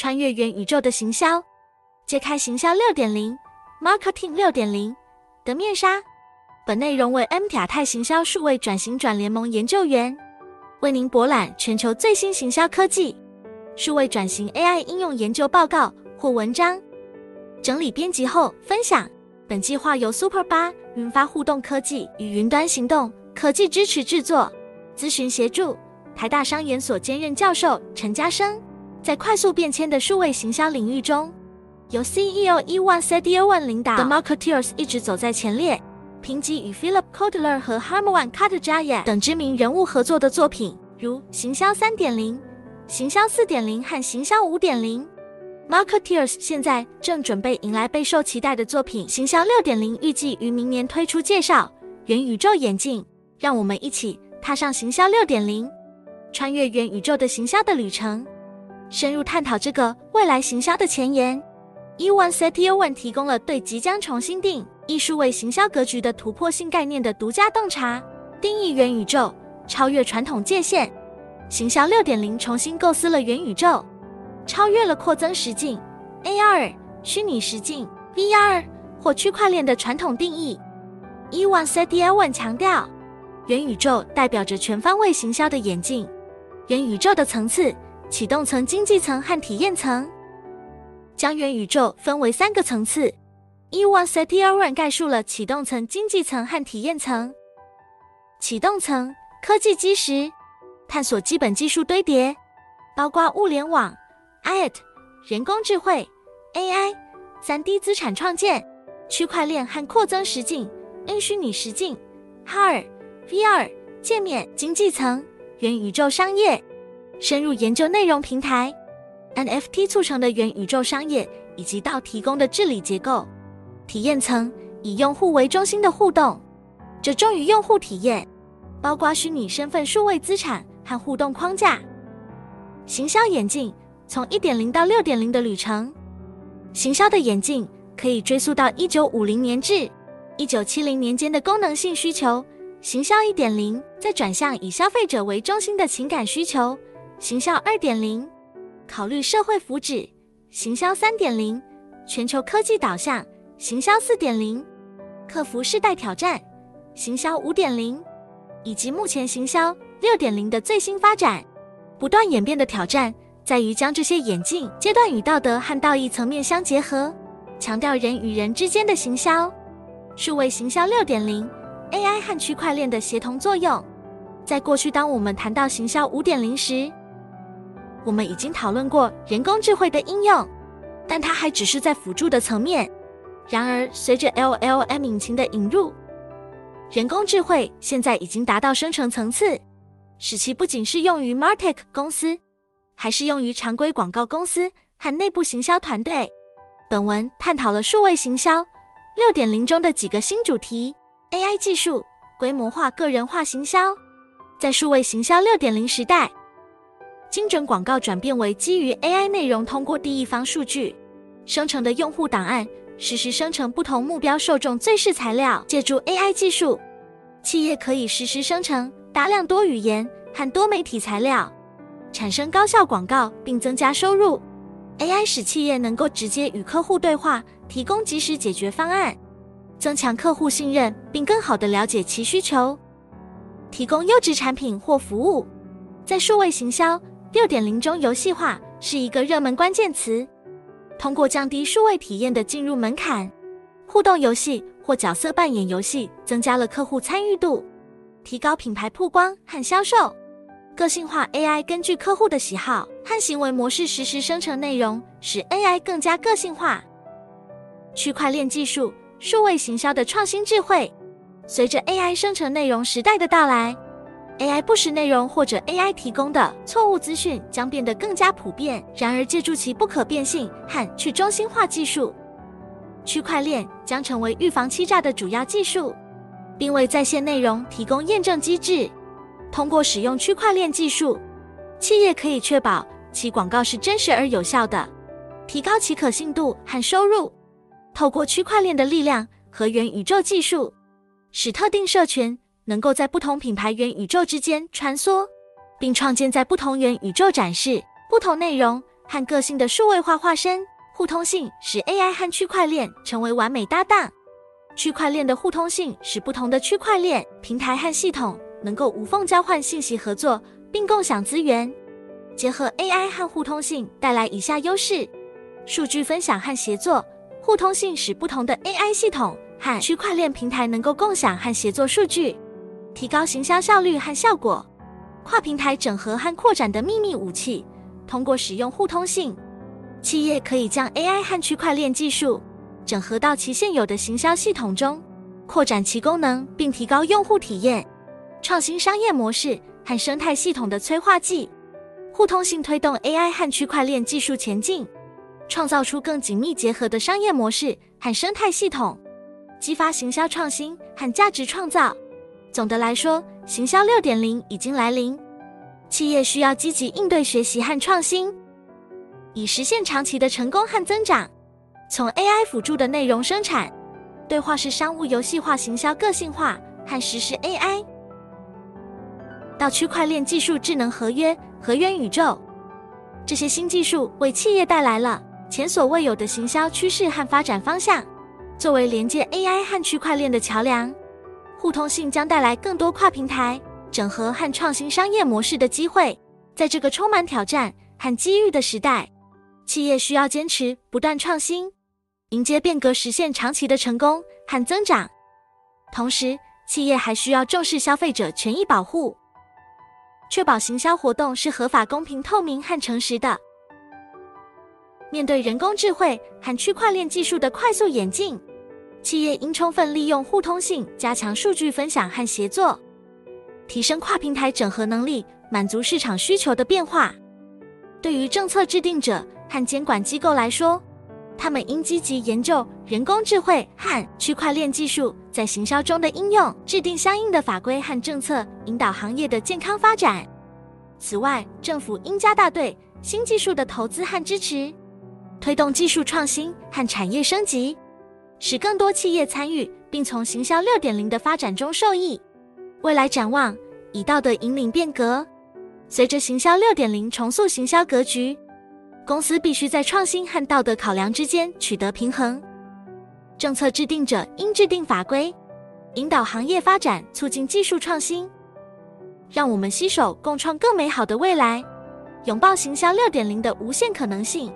穿越元宇宙的行銷，揭開行銷六點零、Marketing 六點零的面紗。本內容為 M 甲泰行銷數位轉型轉聯盟研究員為您博覽全球最新行銷科技、數位轉型 AI 應用研究報告或文章整理編輯後分享。本計劃由 Super 八雲發互動科技與雲端行動科技支持製作、諮詢協助，台大商研所兼任教授陳家生。在快速變遷的數位行銷領域中，由 CEO Iwan Setiawan 領導的 Marketeers 一直走在前列。評級與 Philip Kotler 和 Hermawan Kartajaya 等知名人物合作的作品，如《行銷三點零》、《行銷四點零》和《行銷五點零》。Marketeers 現在正準備迎來備受期待的作品《行銷六點零》，預計於明年推出。介紹元宇宙眼鏡，讓我們一起踏上行銷六點零，穿越元宇宙的行銷的旅程。深入探討這個未來行銷的前沿，Iwan Setiawan 提供了對即將重新定義數位行銷格局的突破性概念的獨家洞察。定義元宇宙，超越傳統界限。行銷六點零重新構思了元宇宙，超越了擴增實境 （AR）、虛擬實境 （VR） 或區塊鏈的傳統定義。Iwan Setiawan 強調，元宇宙代表着全方位行銷的演進，元宇宙的層次。啟動層、經濟層和體驗層，將元宇宙分為三個層次。E 1 n e City 1 n 概述了啟動層、經濟層和體驗層。啟動層：科技基石，探索基本技術堆疊，包括物聯網、IoT、人工智慧、AI、三 D 資產創建、區塊鏈和擴增實境、N 虛擬實境、HAR、VR 界面。經濟層：元宇宙商業。深入研究內容平台，NFT 促成的元宇宙商業，以及到提供的治理結構。體驗層，以用戶為中心的互動，著重於用戶體驗，包括虛擬身份、數位資產和互動框架。行銷演進從一點零到六點零的旅程。行銷的演進可以追溯到一九五零年至一九七零年間的功能性需求，行銷一點零，再轉向以消費者為中心的情感需求。行銷二點零，考慮社會福祉；行銷三點零，全球科技導向；行銷四點零，克服世代挑戰；行銷五點零，以及目前行銷六點零的最新發展。不斷演變的挑戰在於將這些演進階段與道德和道義層面相結合，強調人與人之間的行銷。數位行銷六點零，AI 和區塊鏈的協同作用。在過去，當我們談到行銷五點零時，我們已經討論過人工智慧的應用，但它還只是在輔助的層面。然而，隨着 LLM 引擎的引入，人工智慧現在已經達到生成層次，使其不僅適用於 Martech 公司，還適用於常規廣告公司和內部行銷團隊。本文探討了數位行銷6.0中的幾個新主題：AI 技術、規模化、個人化行銷。在數位行銷6.0時代。精準廣告轉變為基於 AI 內容，通過第一方數據生成的用戶檔案，實時生成不同目標受眾最適材料。借助 AI 技術，企業可以實時生成大量多語言和多媒體材料，產生高效廣告並增加收入。AI 使企業能夠直接與客戶對話，提供及時解決方案，增強客戶信任，並更好地了解其需求，提供優質產品或服務。在數位行銷。六點零中，遊戲化是一個熱門關鍵詞。通過降低數位體驗的進入門檻，互動遊戲或角色扮演遊戲增加了客戶參與度，提高品牌曝光和銷售。個性化 AI 根據客戶的喜好和行為模式實時生成內容，使 AI 更加個性化。區塊鏈技術，數位行銷的創新智慧，隨着 AI 生成內容時代的到來。AI 不實內容或者 AI 提供的錯誤資訊將變得更加普遍。然而，借助其不可變性和去中心化技術，區塊鏈將成為預防欺詐的主要技術，並為在線內容提供驗證機制。通過使用區塊鏈技術，企業可以確保其廣告是真實而有效的，提高其可信度和收入。透過區塊鏈的力量和元宇宙技術，使特定社群。能夠在不同品牌元宇宙之間穿梭，並創建在不同元宇宙展示不同內容和個性的數位化化身。互通性使 AI 和區塊鏈成為完美搭檔。區塊鏈的互通性使不同的區塊鏈平台和系統能夠無縫交換信息、合作並共享資源。結合 AI 和互通性帶來以下優勢：數據分享和協作。互通性使不同的 AI 系統和區塊鏈平台能夠共享和協作數據。提高行銷效率和效果，跨平台整合和擴展的秘密武器。通過使用互通性，企業可以將 AI 和區塊鏈技術整合到其現有的行銷系統中，擴展其功能並提高用戶體驗。創新商業模式和生態系統的催化劑。互通性推動 AI 和區塊鏈技術前進，創造出更緊密結合的商業模式和生態系統，激發行銷創新和價值創造。總的來說，行銷6.0已經來臨，企業需要積極應對，學習和創新，以實現長期的成功和增長。從 AI 輔助的內容生產、對話式商務、遊戲化行銷、個性化和實時 AI，到區塊鏈技術、智能合約和元宇宙，這些新技術為企業帶來了前所未有的行銷趨勢和發展方向。作為連接 AI 和區塊鏈的橋梁。互通性將帶來更多跨平台整合和創新商業模式的機會。在這個充滿挑戰和機遇的時代，企業需要堅持不斷創新，迎接變革，實現長期的成功和增長。同時，企業還需要重視消費者權益保護，確保行銷活動是合法、公平、透明和誠實的。面對人工智慧和區塊鏈技術的快速演進，企業應充分利用互通性，加強數據分享和協作，提升跨平台整合能力，滿足市場需求的變化。對於政策制定者和監管機構來說，他們應積極研究人工智慧和區塊鏈技術在行銷中的應用，制定相應的法規和政策，引導行業的健康發展。此外，政府應加大對新技術的投資和支持，推動技術創新和產業升級。使更多企業參與，並從行銷六點零的發展中受益。未來展望，以道德引領變革。隨着行銷六點零重塑行銷格局，公司必須在創新和道德考量之間取得平衡。政策制定者應制定法規，引導行業發展，促進技術創新。讓我們攜手共創更美好的未來，擁抱行銷六點零的無限可能性。